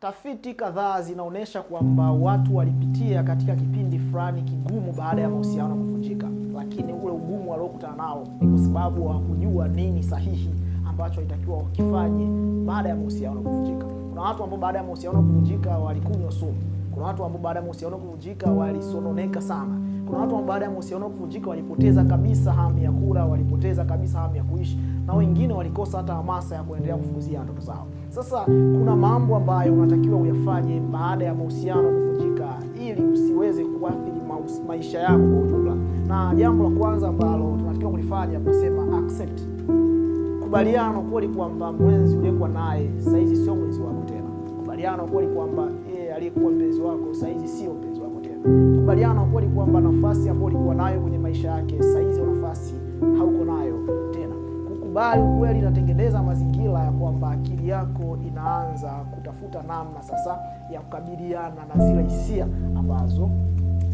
Tafiti kadhaa zinaonyesha kwamba watu walipitia katika kipindi fulani kigumu baada ya mahusiano kuvunjika, lakini ule ugumu waliokutana nao ni kwa sababu hawakujua nini sahihi ambacho walitakiwa wakifanye baada ya mahusiano kuvunjika. Kuna watu ambao baada ya mahusiano kuvunjika walikunywa sumu. Kuna watu ambao baada ya mahusiano kuvunjika walisononeka sana. Kuna watu ambao baada ya mahusiano kuvunjika walipoteza kabisa hamu ya kula, walipoteza kabisa hamu ya kuishi, na wengine walikosa hata hamasa ya kuendelea kufuzia ndoto zao. Sasa kuna mambo ambayo unatakiwa uyafanye baada ya mahusiano kuvunjika, ili usiweze kuathiri maisha yako kwa ujumla. Na jambo la kwanza ambalo tunatakiwa kulifanya tunasema accept, kubaliano kweli kwamba mwenzi uliyekuwa naye saizi sio mwenzi wako tena. Kubaliana kweli kwamba yeye aliyekuwa mpenzi wako saizi sio mpenzi wako tena. Kubaliano kweli kwamba nafasi ambayo ulikuwa nayo kwenye maisha yake saizi nafasi hauko nayo tena ukikubali ukweli, inatengeneza mazingira ya kwamba akili yako inaanza kutafuta namna sasa ya kukabiliana na zile hisia ambazo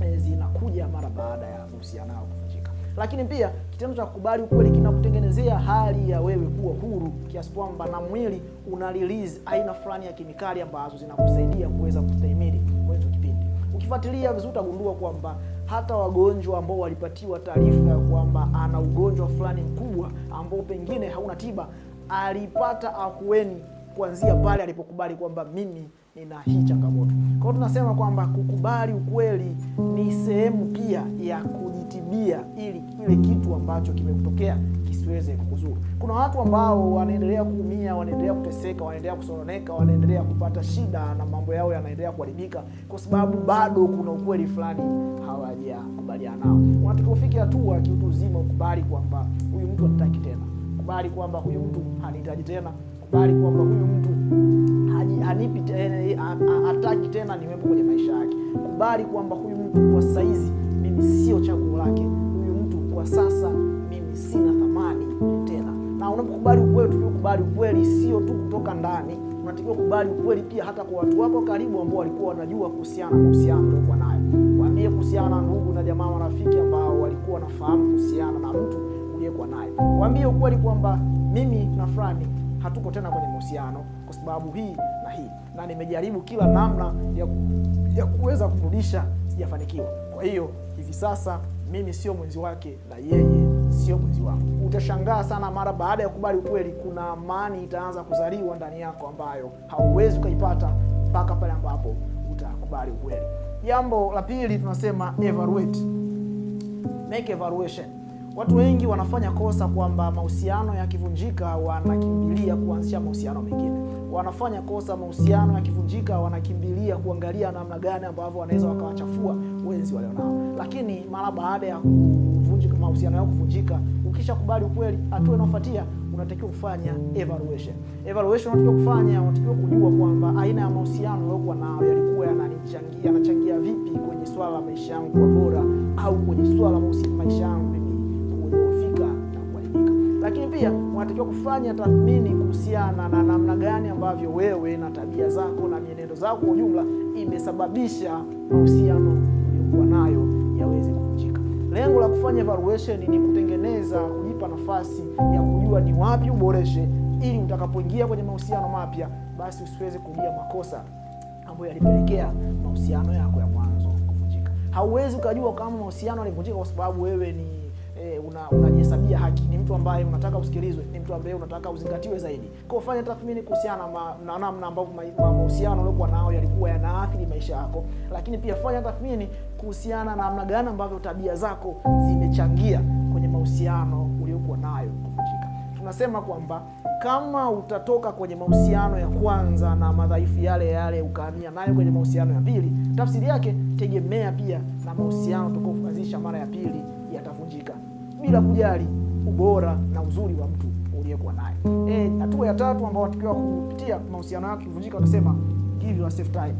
e, zinakuja mara baada ya mahusiano yao kuvunjika. Lakini pia kitendo cha kukubali ukweli kinakutengenezea hali ya wewe kuwa huru kiasi kwamba na mwili una release aina fulani ya kemikali ambazo zinakusaidia kuweza kustahimili kwa hicho kipindi. Ukifuatilia vizuri utagundua kwamba hata wagonjwa ambao walipatiwa taarifa ya kwamba ana ugonjwa fulani mkubwa ambao pengine hauna tiba, alipata ahueni kuanzia pale alipokubali kwamba mimi nina hii changamoto. Kwa hiyo tunasema kwamba kukubali ukweli ni sehemu pia ya kujitibia ili kile kitu ambacho kimekutokea kisiweze kukuzuru. Kuna watu ambao wanaendelea kuumia, wanaendelea kuteseka, wanaendelea kusononeka, wanaendelea kupata shida na mambo yao yanaendelea kuharibika kwa sababu bado kuna ukweli fulani hawajakubaliana nao. Unatakiwa ufike hatua kiutu uzima ukubali kwamba huyu mtu hataki tena, kubali kwamba huyu mtu hanihitaji tena kukubali kwamba huyu mtu hanipi tena, eh, hataki tena niwepo kwenye maisha yake. Kubali kwamba huyu mtu kwa saizi mimi sio chaguo lake, huyu mtu kwa sasa mimi sina thamani tena. Na unapokubali ukweli, tukikubali ukweli sio tu kutoka ndani, unatakiwa kubali ukweli pia hata kwa watu wako karibu ambao walikuwa wanajua kuhusiana na uhusiano uliokuwa nayo, waambie kuhusiana na ndugu na jamaa, marafiki ambao walikuwa wanafahamu kuhusiana na mtu uliyekuwa naye, waambie ukweli kwamba mimi na fulani hatuko tena kwenye mahusiano kwa sababu hii na hii, na nimejaribu kila namna ya, ya kuweza kurudisha, sijafanikiwa. Kwa hiyo hivi sasa mimi sio mwenzi wake na yeye sio mwenzi wangu. Utashangaa sana, mara baada ya kubali ukweli, kuna amani itaanza kuzaliwa ndani yako ambayo hauwezi ukaipata mpaka pale ambapo utakubali ukweli. Jambo la pili tunasema evaluate, make evaluation Watu wengi wanafanya kosa kwamba mahusiano yakivunjika wanakimbilia kuanzisha mahusiano mengine. Wanafanya kosa, mahusiano yakivunjika wanakimbilia kuangalia namna gani ambavyo wanaweza wakawachafua wenzi walionao. Lakini mara baada ya kuvunjika mahusiano yao kuvunjika, ukishakubali ukweli, hatua inayofuatia unatakiwa kufanya evaluation. Evaluation unatakiwa kufanya, unatakiwa kujua kwamba aina ya mahusiano uliokuwa nayo yalikuwa yananichangia, yanachangia vipi kwenye swala la maisha yangu kwa bora au kwenye swala la maisha yangu lakini pia unatakiwa kufanya tathmini kuhusiana na namna gani ambavyo wewe na tabia zako na mienendo zako kwa ujumla imesababisha mahusiano uliokuwa nayo yaweze kuvunjika. Lengo la kufanya evaluation ni kutengeneza, kujipa nafasi ya kujua ni wapi uboreshe, ili utakapoingia kwenye mahusiano mapya, basi usiweze kurudia makosa ambayo yalipelekea mahusiano yako ya mwanzo kuvunjika. Hauwezi ukajua kama mahusiano yalivunjika kwa sababu wewe ni Eh, unajihesabia una haki, ni mtu ambaye unataka usikilizwe, ni mtu ambaye unataka uzingatiwe zaidi. Kwa fanya tathmini kuhusiana na namna ambavyo mahusiano uliokuwa nao yalikuwa yanaathiri maisha yako, lakini pia fanya tathmini kuhusiana na namna gani ambavyo tabia zako zimechangia kwenye mahusiano uliokuwa nayo tunasema kwamba kama utatoka kwenye mahusiano ya kwanza na madhaifu yale yale ukaamia nayo kwenye mahusiano ya pili, tafsiri yake tegemea pia na mahusiano utakaoanzisha mara ya pili yatavunjika, bila kujali ubora na uzuri wa mtu uliyekuwa naye. Eh, hatua ya tatu ambao watakiwa kupitia mahusiano yao kuvunjika, wanasema give yourself time,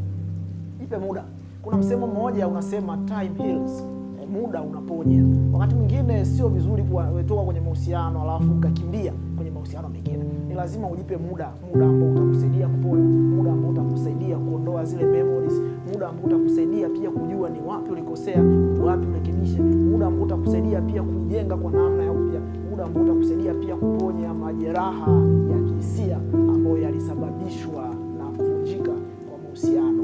ipe muda. Kuna msemo mmoja unasema time heals muda unaponya. Wakati mwingine sio vizuri kutoka kwenye mahusiano alafu ukakimbia kwenye mahusiano mengine. Ni lazima ujipe muda, muda ambao utakusaidia kupona, muda ambao utakusaidia kuondoa zile memories, muda ambao utakusaidia pia kujua ni wapi ulikosea, wapi urekebishe, muda ambao utakusaidia pia kujenga kwa namna ya upya, muda ambao utakusaidia pia kuponya majeraha ya kihisia ambayo yalisababishwa na kuvunjika kwa mahusiano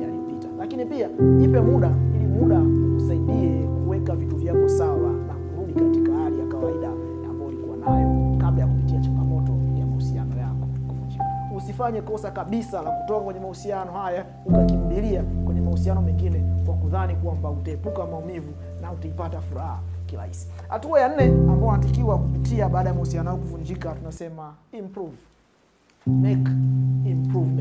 yaliyopita. Lakini pia jipe muda muda kusaidie kuweka vitu vyako sawa na kurudi katika hali ya kawaida ambayo ulikuwa nayo kabla ya kupitia changamoto ya mahusiano yako. Usifanye kosa kabisa la kutoka kwenye mahusiano haya ukakimbilia kwenye mahusiano mengine kwa kudhani kwamba utaepuka maumivu na utaipata furaha kirahisi. Hatua ya nne ambayo unatakiwa kupitia baada ya mahusiano yako kuvunjika, tunasema improve. Make improve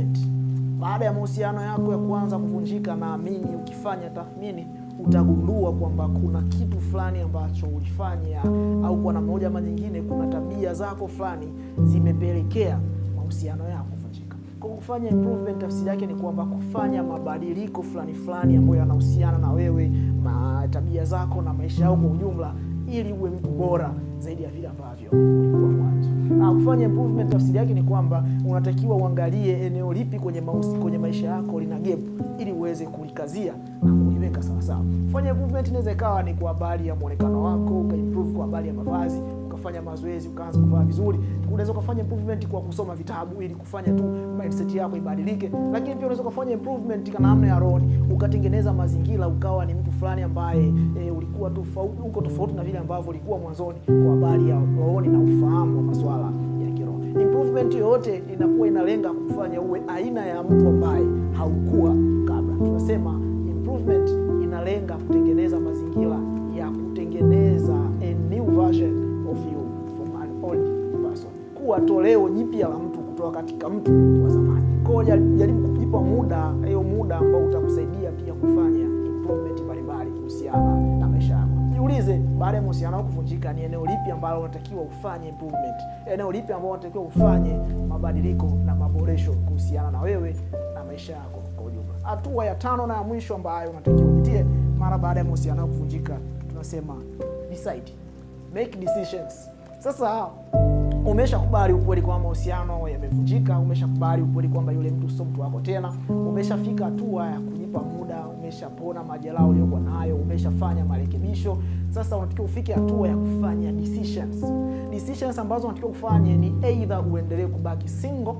baada ya mahusiano yako ya kuanza kuvunjika, naamini ukifanya tathmini utagundua kwamba kuna kitu fulani ambacho ulifanya au kwa namna moja ama nyingine, kuna tabia zako fulani zimepelekea mahusiano yako kuvunjika. Kwa kufanya improvement, tafsiri yake ni kwamba kufanya mabadiliko fulani fulani ambayo yanahusiana na wewe, tabia zako na maisha yako kwa ujumla, ili uwe mtu bora zaidi ya vile ambavyo ulikuwa mwanzo. Ah, kufanya improvement tafsiri yake ni kwamba unatakiwa uangalie eneo lipi kwenye mausi, kwenye maisha yako lina gap ili uweze kulikazia na kuliweka sawasawa. Kufanya improvement inaweza ikawa ni kwa habari ya muonekano wako, ukaimprove kwa habari ya mavazi kufanya mazoezi ukaanza kuvaa vizuri. Unaweza kufanya improvement kwa kusoma vitabu ili kufanya tu mindset yako ibadilike, lakini pia unaweza kufanya improvement kwa namna ya roho, ukatengeneza mazingira, ukawa ni mtu fulani ambaye e, ulikuwa tofauti, uko tofauti na vile ambavyo ulikuwa mwanzoni kwa habari ya roho na ufahamu wa masuala ya kiroho. Improvement yote inakuwa inalenga kufanya uwe aina ya mtu ambaye haukuwa kabla. Tunasema improvement inalenga kutengeneza mazingira kuwa toleo jipya la mtu kutoka katika mtu wa zamani. Kwa hiyo jaribu kujipa muda, hiyo muda ambao utakusaidia pia kufanya improvement mbalimbali kuhusiana na maisha yako. Jiulize, baada ya mahusiano yako kuvunjika, ni eneo lipi ambalo unatakiwa ufanye improvement, eneo lipi ambalo unatakiwa ufanye mabadiliko na maboresho kuhusiana na wewe na maisha yako kwa ujumla. Hatua ya tano na ya mwisho ambayo unatakiwa upitie mara baada ya mahusiano yako kuvunjika, tunasema decide, make decisions. Sasa Umeshakubali ukweli kwamba mahusiano yamevunjika, umeshakubali ukweli kwamba yule mtu sio mtu wako tena, umeshafika hatua ya kujipa muda, umeshapona majeraha uliyokuwa nayo, umeshafanya marekebisho. Sasa unatakiwa ufike hatua ya kufanya decisions. Decisions ambazo unatakiwa kufanya ni either uendelee kubaki single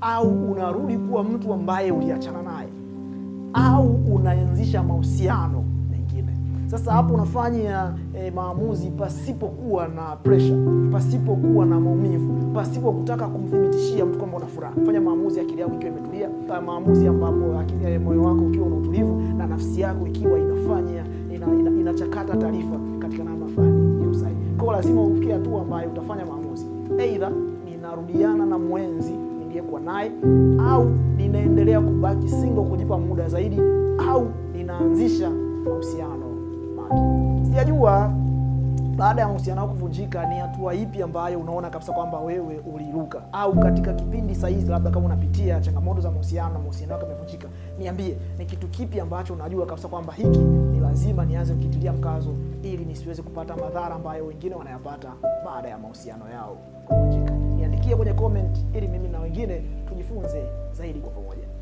au unarudi kuwa mtu ambaye uliachana naye au unaanzisha mahusiano sasa hapo unafanya e, maamuzi pasipokuwa na pressure, pasipokuwa na maumivu, pasipo kutaka kumthibitishia mtu kwamba una furaha. Fanya maamuzi akili yako ikiwa imetulia, maamuzi ambapo akili, moyo wako ukiwa una utulivu na nafsi yako ikiwa inafanya inachakata ina, ina taarifa katika namna fulani ya usahihi. Kwa lazima ufikie hatua ambayo utafanya maamuzi, aidha ninarudiana na mwenzi niliyekuwa naye, au ninaendelea kubaki single kujipa muda zaidi, au ninaanzisha mahusiano wake. Sijajua baada ya uhusiano wako kuvunjika ni hatua ipi ambayo unaona kabisa kwamba wewe uliruka, au katika kipindi sahizi, labda kama unapitia changamoto za mahusiano na mahusiano yako yamevunjika, niambie ni kitu kipi ambacho unajua kabisa kwamba hiki ni lazima nianze kukitilia mkazo ili nisiweze kupata madhara ambayo wengine wanayapata baada ya mahusiano yao kuvunjika. Niandikie kwenye comment ili mimi na wengine tujifunze zaidi kwa pamoja.